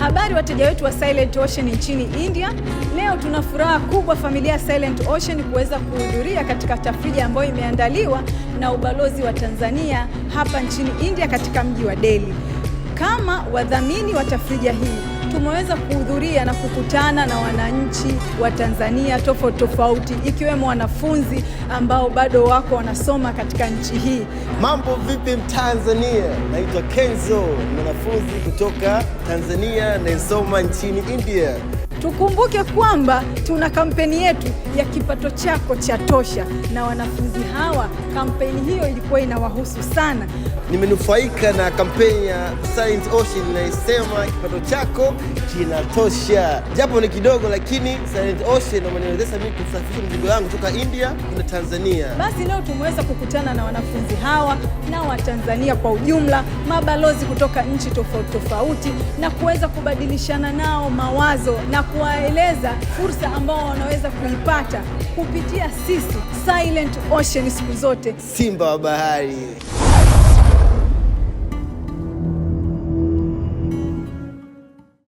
Habari wateja wetu wa Silent Ocean nchini India. Leo tuna furaha kubwa familia ya Silent Ocean kuweza kuhudhuria katika tafrija ambayo imeandaliwa na ubalozi wa Tanzania hapa nchini India katika mji wa Delhi kama wadhamini wa tafrija hii tumeweza kuhudhuria na kukutana na wananchi wa Tanzania tofauti tofauti, ikiwemo wanafunzi ambao bado wako wanasoma katika nchi hii. Mambo vipi Mtanzania? Naitwa Kenzo, mwanafunzi kutoka Tanzania anayesoma nchini India. Tukumbuke kwamba tuna kampeni yetu ya kipato chako cha tosha, na wanafunzi hawa kampeni hiyo ilikuwa inawahusu sana. Nimenufaika na kampeni ya Science Ocean inayosema kipato chako kinatosha, japo ni kidogo, lakini Science Ocean wameniwezesha mimi kusafirisha mzigo wangu kutoka India kwenda Tanzania. Basi leo tumeweza kukutana na wanafunzi hawa na Watanzania kwa ujumla, mabalozi kutoka nchi tofauti tofauti, na kuweza kubadilishana nao mawazo na kuwaeleza fursa ambao wanaweza kuipata kupitia sisi Silent Ocean siku zote, simba wa bahari.